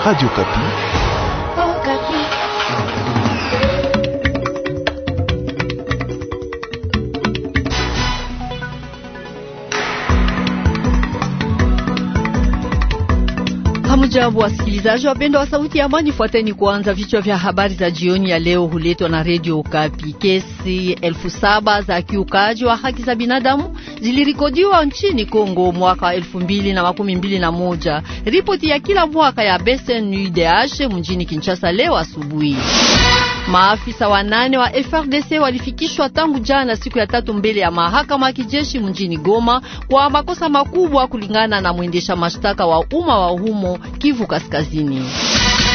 Radio Kapi. Hamujambo wasikilizaji wapendwa wa Sauti ya Amani, fuateni kuanza vichwa vya habari za jioni ya leo, huletwa na Redio Okapi. Kesi elfu saba za kiukaji wa haki za binadamu zilirikodiwa nchini Kongo mwaka elfu mbili na makumi mbili na moja. Ripoti ya kila mwaka ya BCNUDH mjini Kinshasa leo asubuhi. Maafisa wanane wa FRDC walifikishwa tangu jana siku ya tatu mbele ya mahakama ya kijeshi mjini Goma kwa makosa makubwa kulingana na mwendesha mashtaka wa umma wa humo Kivu Kaskazini.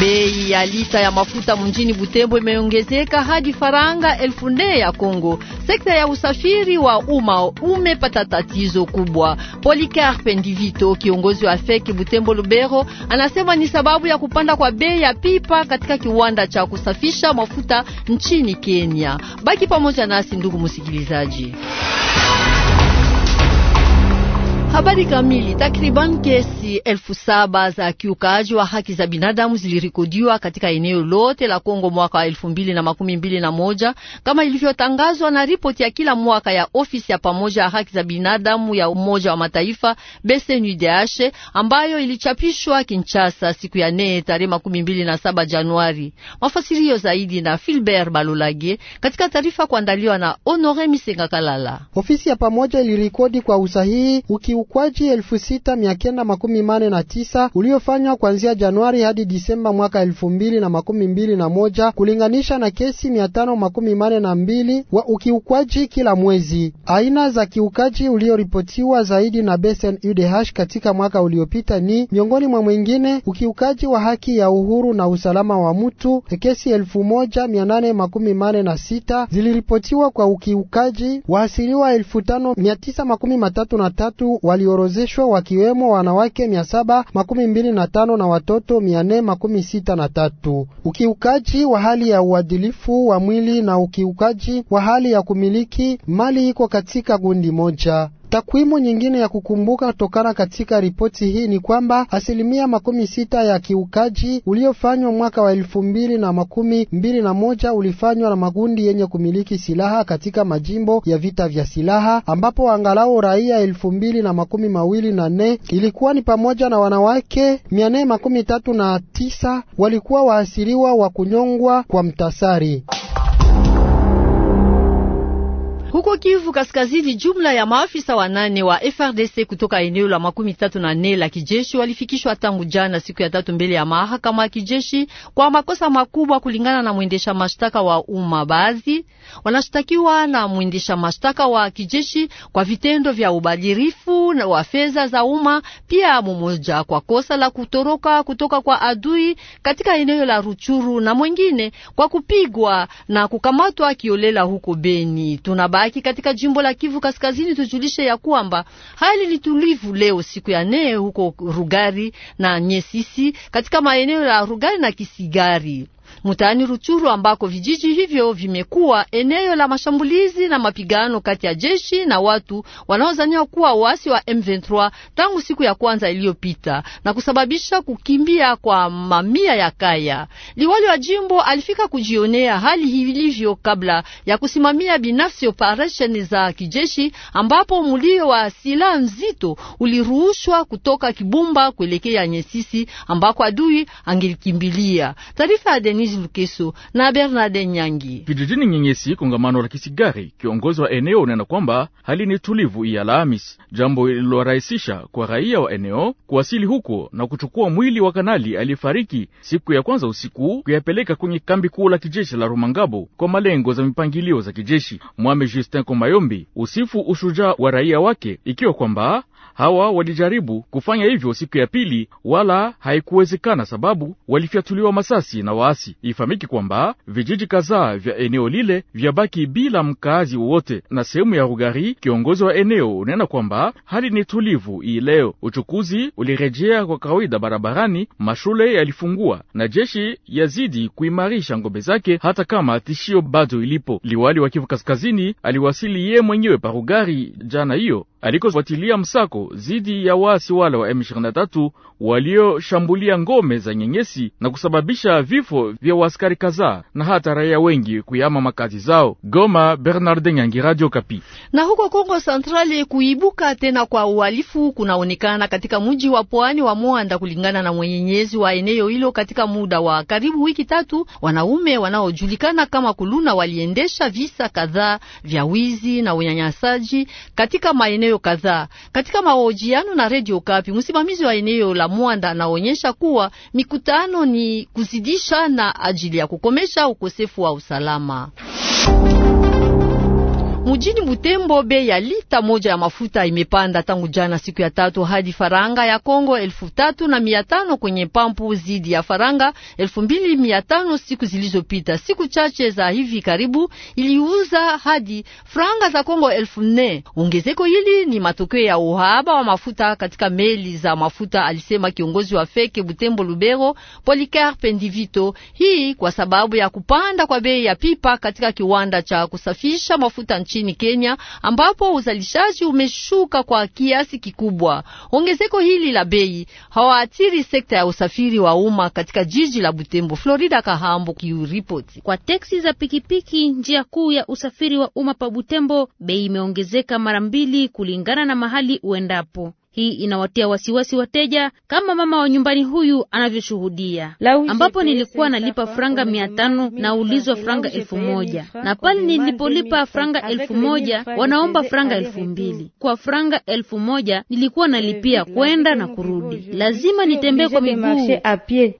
Bei ya lita ya mafuta mjini Butembo imeongezeka hadi faranga elfu nne ya Kongo. Sekta ya usafiri wa umma umepata tatizo kubwa. Polikarpe Ndivito, kiongozi wa feki Butembo Lubero, anasema ni sababu ya kupanda kwa bei ya pipa katika kiwanda cha kusafisha mafuta nchini Kenya. Baki pamoja nasi ndugu msikilizaji. Habari kamili. Takriban kesi elfu saba za kiukaji wa haki za binadamu zilirekodiwa katika eneo lote la Kongo mwaka wa elfu mbili na makumi mbili na moja kama ilivyotangazwa na ripoti ya kila mwaka ya ofisi ya pamoja ya haki za binadamu ya Umoja wa Mataifa BCNUDH ambayo ilichapishwa Kinshasa siku ya nne tarehe makumi mbili na saba Januari. Mafasirio zaidi na Filbert Balolage katika taarifa kuandaliwa na Honore Misenga Kalala. Ofisi ya pamoja ilirekodi kwa usahihi uki ukiukwaji tisa uliofanywa kuanzia Januari hadi Disemba mwaka moja kulinganisha na kesi mbili wa ukiukwaji kila mwezi. Aina za kiukaji ulioripotiwa zaidi na Besen UDH katika mwaka uliopita ni miongoni mwa mwingine ukiukaji wa haki ya uhuru na usalama wa mtu, kesi sita ziliripotiwa kwa ukiukaji, na tatu waliorozeshwa wakiwemo wanawake mia saba makumi mbili na tano na watoto mia nne makumi sita na tatu. Ukiukaji wa hali ya uadilifu wa mwili na ukiukaji wa hali ya kumiliki mali iko katika gundi moja. Takwimu nyingine ya kukumbuka tokana katika ripoti hii ni kwamba asilimia makumi sita ya kiukaji uliofanywa mwaka wa elfu mbili na makumi mbili na moja ulifanywa na makundi yenye kumiliki silaha katika majimbo ya vita vya silaha, ambapo angalau raia elfu mbili na makumi mawili na nne ilikuwa ni pamoja na wanawake mia nne makumi tatu na tisa walikuwa waasiriwa wa kunyongwa kwa mtasari. Huko Kivu Kaskazini, jumla ya maafisa wanane wa FRDC kutoka eneo la makumi tatu na nne la kijeshi walifikishwa tangu jana siku ya tatu mbele ya mahakama ya kijeshi kwa makosa makubwa, kulingana na mwendesha mashtaka wa umma. Baadhi wanashtakiwa na mwendesha mashtaka wa kijeshi kwa vitendo vya ubadhirifu wa fedha za umma, pia mmoja kwa kosa la kutoroka kutoka kwa adui katika eneo la Ruchuru na mwengine kwa kupigwa na kukamatwa kiolela huko Beni. Tunabaki haki katika jimbo la Kivu Kaskazini. Tujulishe ya kwamba hali ni tulivu leo siku ya nne huko Rugari na Nyesisi katika maeneo ya Rugari na Kisigari mtaani Ruchuru, ambako vijiji hivyo vimekuwa eneo la mashambulizi na mapigano kati ya jeshi na watu wanaozaniwa kuwa waasi wa M23 tangu siku ya kwanza iliyopita na kusababisha kukimbia kwa mamia ya kaya. Liwali wa jimbo alifika kujionea hali ilivyo kabla ya kusimamia binafsi operesheni za kijeshi, ambapo mulio wa silaha nzito uliruhushwa kutoka Kibumba kuelekea Nyesisi ambako adui angelikimbilia. Taarifa ya Denis Denis Lukeso na Bernard Nyangi. Vijijini Nyenyesi, kongamano la Kisigari, kiongozi wa eneo unena kwamba hali ni tulivu ya Alhamisi, jambo lililorahisisha kwa raia wa eneo kuwasili huko na kuchukua mwili wa kanali aliyefariki siku ya kwanza usiku kuyapeleka kwenye kambi kuu la kijeshi la Rumangabo kwa malengo za mipangilio za kijeshi. Mwame Justin Komayombi usifu ushujaa wa raia wake ikiwa kwamba Hawa walijaribu kufanya hivyo siku ya pili, wala haikuwezekana sababu walifyatuliwa masasi na waasi. Ifahamiki kwamba vijiji kadhaa vya eneo lile vyabaki bila mkaazi wowote. Na sehemu ya Rugari, kiongozi wa eneo unena kwamba hali ni tulivu hii leo. Uchukuzi ulirejea kwa kawaida barabarani, mashule yalifungua na jeshi yazidi kuimarisha ngome zake, hata kama tishio bado ilipo. Liwali wa Kivu Kaskazini aliwasili ye mwenyewe parugari jana hiyo alikofuatilia msako dhidi ya waasi wale wa M23 walioshambulia ngome za Nyenyesi na kusababisha vifo vya waaskari kadhaa na hata raia wengi kuyama makazi zao. Goma, Bernard Nyangi, Radio Kapi. Na huko Kongo Centrali, kuibuka tena kwa uhalifu kunaonekana katika mji wa pwani wa Mwanda, kulingana na mwenyenyezi wa eneo hilo. Katika muda wa karibu wiki tatu, wanaume wanaojulikana kama kuluna waliendesha visa kadhaa vya wizi na unyanyasaji katika maeneo maeneo kadhaa. Katika mahojiano na Radio Kapi, msimamizi wa eneo la Mwanda anaonyesha kuwa mikutano ni kuzidisha na ajili ya kukomesha ukosefu wa usalama. Mujini Butembo, bei ya lita moja ya mafuta imepanda tangu jana siku ya tatu hadi faranga ya Kongo elfu tatu na mia tano kwenye pampu zidi ya faranga elfu mbili mia tano siku zilizopita. Siku chache za hivi karibu iliuza hadi faranga za Kongo elfu nne. Ongezeko hili ni matokeo ya uhaba wa mafuta katika meli za mafuta, alisema kiongozi wa feke Butembo Lubero, Policarpe Ndivito. Hii kwa sababu ya kupanda kwa bei ya pipa katika kiwanda cha kusafisha mafuta nchini nchini Kenya ambapo uzalishaji umeshuka kwa kiasi kikubwa. Ongezeko hili la bei hawaathiri sekta ya usafiri wa umma katika jiji la Butembo. Florida Kahambo kiuripoti. Kwa teksi za pikipiki, njia kuu ya usafiri wa umma pa Butembo, bei imeongezeka mara mbili kulingana na mahali uendapo. Hii inawatia wasiwasi wateja kama mama wa nyumbani huyu anavyoshuhudia, ambapo nilikuwa nalipa franga mia tano na ulizwa franga elfu moja na pale nilipolipa franga elfu moja wanaomba franga elfu mbili Kwa franga elfu moja nilikuwa nalipia kwenda na kurudi, lazima nitembee kwa miguu.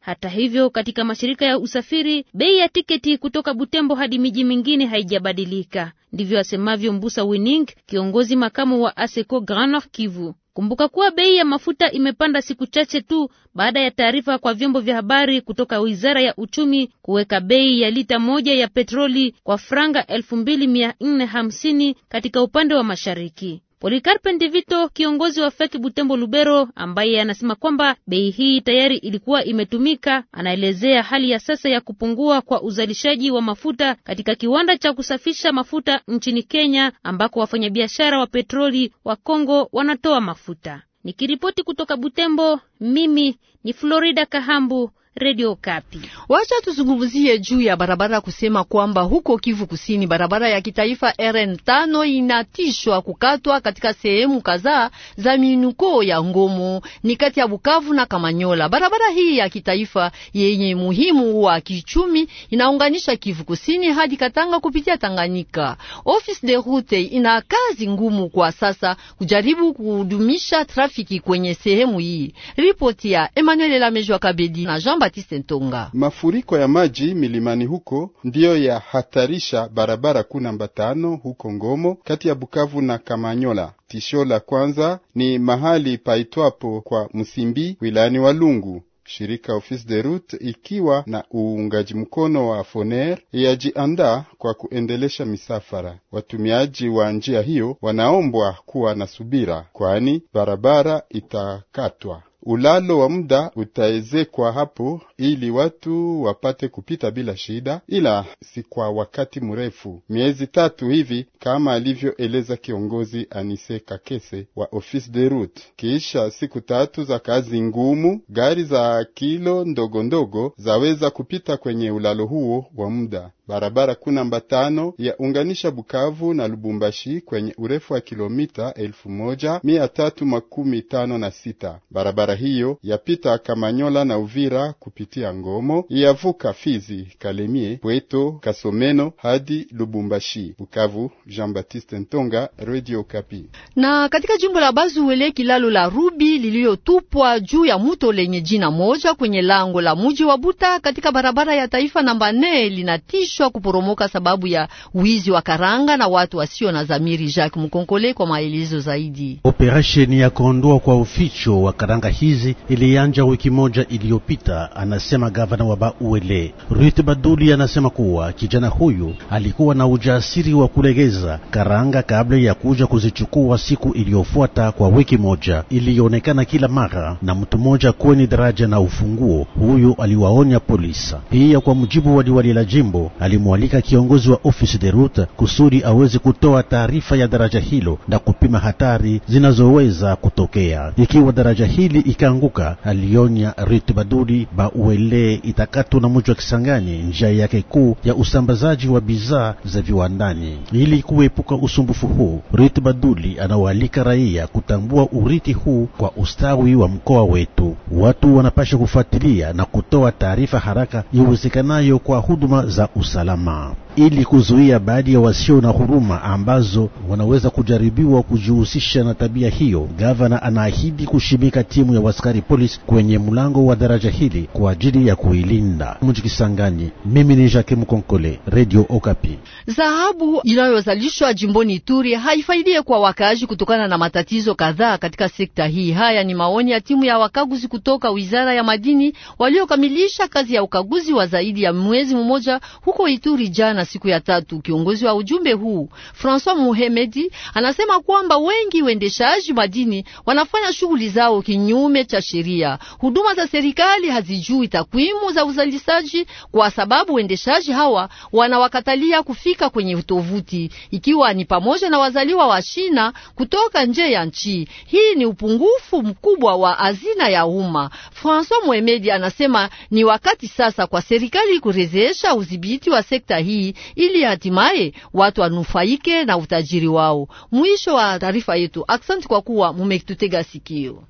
Hata hivyo, katika mashirika ya usafiri bei ya tiketi kutoka Butembo hadi miji mingine haijabadilika. Ndivyo asemavyo Mbusa Wining, kiongozi makamu wa ASECO Grand Nord Kivu. Kumbuka kuwa bei ya mafuta imepanda siku chache tu baada ya taarifa kwa vyombo vya habari kutoka Wizara ya Uchumi kuweka bei ya lita moja ya petroli kwa franga elfu mbili mia hamsini katika upande wa mashariki. Polikarpe Ndivito, kiongozi wa feki Butembo Lubero, ambaye anasema kwamba bei hii tayari ilikuwa imetumika, anaelezea hali ya sasa ya kupungua kwa uzalishaji wa mafuta katika kiwanda cha kusafisha mafuta nchini Kenya ambako wafanyabiashara wa petroli wa Kongo wanatoa mafuta. Nikiripoti kutoka Butembo, mimi ni Florida Kahambu Radio Kapi. Wacha tuzungumzie juu ya barabara kusema kwamba huko Kivu Kusini barabara ya kitaifa rn tano inatishwa kukatwa katika sehemu kadhaa za minuko ya Ngomo ni kati ya Bukavu na Kamanyola. Barabara hii ya kitaifa yenye muhimu wa kichumi inaunganisha Kivu Kusini hadi Katanga kupitia Tanganyika. Office de route ina kazi ngumu kwa sasa kujaribu kudumisha trafiki kwenye sehemu hii. Ripoti ya Emmanuel Lamejwa Kabedi na Jean Baptiste Ntonga. Mafuriko ya maji milimani huko ndiyo yahatarisha barabara kuna mbatano huko Ngomo kati ya Bukavu na Kamanyola. Tisho la kwanza ni mahali paitwapo kwa Msimbi wilayani Walungu. Shirika Office de Route ikiwa na uungaji mkono wa Foner yajiandaa kwa kuendelesha misafara. Watumiaji wa njia hiyo wanaombwa kuwa na subira, kwani barabara itakatwa. Ulalo wa muda utaezekwa hapo ili watu wapate kupita bila shida, ila si kwa wakati mrefu, miezi tatu hivi, kama alivyoeleza kiongozi Anise Kakese wa Office de Route. Kisha siku tatu za kazi ngumu, gari za kilo ndogo ndogo zaweza kupita kwenye ulalo huo wa muda. Barabara kuu namba tano yaunganisha Bukavu na Lubumbashi kwenye urefu wa kilomita elfu moja mia tatu makumi tano na sita. Barabara hiyo yapita Kamanyola na Uvira kupitia Ngomo, yavuka Fizi, Kalemie, Pweto, Kasomeno hadi Lubumbashi. Bukavu, Jean Baptiste Ntonga, Radio Kapi. Na katika jimbo la Bazuwele, kilalo la Rubi liliyotupwa juu ya muto lenye jina moja kwenye lango la muji wa Buta katika barabara ya taifa namba 4 linatisha wanahusishwa kuporomoka sababu ya wizi wa karanga na watu wasio na dhamiri. Jacques Mkonkole kwa maelezo zaidi. Operesheni ya kuondoa kwa uficho wa karanga hizi ilianja wiki moja iliyopita, anasema gavana wa Bauele Ruth Baduli. Anasema kuwa kijana huyu alikuwa na ujasiri wa kulegeza karanga kabla ya kuja kuzichukua siku iliyofuata. Kwa wiki moja ilionekana kila mara na mtu mmoja kweni daraja na ufunguo, huyu aliwaonya polisi. Pia kwa mujibu wa liwali la jimbo, alimwalika kiongozi wa ofisi de route kusudi aweze kutoa taarifa ya daraja hilo na kupima hatari zina zinazoweza kutokea ikiwa daraja hili ikaanguka, alionya Ritbaduri Bauele Itakatu na mji wa Kisangani, njia yake kuu ya usambazaji wa bidhaa za viwandani. Ili kuepuka usumbufu huu, baduli anawaalika raia kutambua urithi huu kwa ustawi wa mkoa wetu. Watu wanapasha kufuatilia na kutoa taarifa haraka iwezekanayo kwa huduma za usalama ili kuzuia baadhi ya wasio na huruma ambazo wanaweza kujaribiwa kujihusisha na tabia hiyo. Gavana anaahidi kushimika timu ya waskari polisi kwenye mlango wa daraja hili kwa ajili ya kuilinda mji Kisangani. Mimi ni Jacques Mkonkole, Radio Okapi. Dhahabu inayozalishwa jimboni Ituri haifaidie kwa wakaaji kutokana na matatizo kadhaa katika sekta hii. Haya ni maoni ya timu ya wakaguzi kutoka Wizara ya Madini waliokamilisha kazi ya ukaguzi wa zaidi ya mwezi mmoja huko Ituri jana siku ya tatu. Kiongozi wa ujumbe huu François Muhemedi anasema kwamba wengi wendeshaji madini wanafanya shughuli zao kinyume cha sheria. Huduma za serikali hazijui takwimu za uzalishaji, kwa sababu wendeshaji hawa wanawakatalia kufika kwenye tovuti, ikiwa ni pamoja na wazaliwa wa China kutoka nje ya nchi. Hii ni upungufu mkubwa wa hazina ya umma. François Muhemedi anasema ni wakati sasa kwa serikali kurejesha udhibiti wa sekta hii ili hatimaye watu wanufaike na utajiri wao. Mwisho wa taarifa yetu. Aksanti kwa kuwa mumetutega sikio.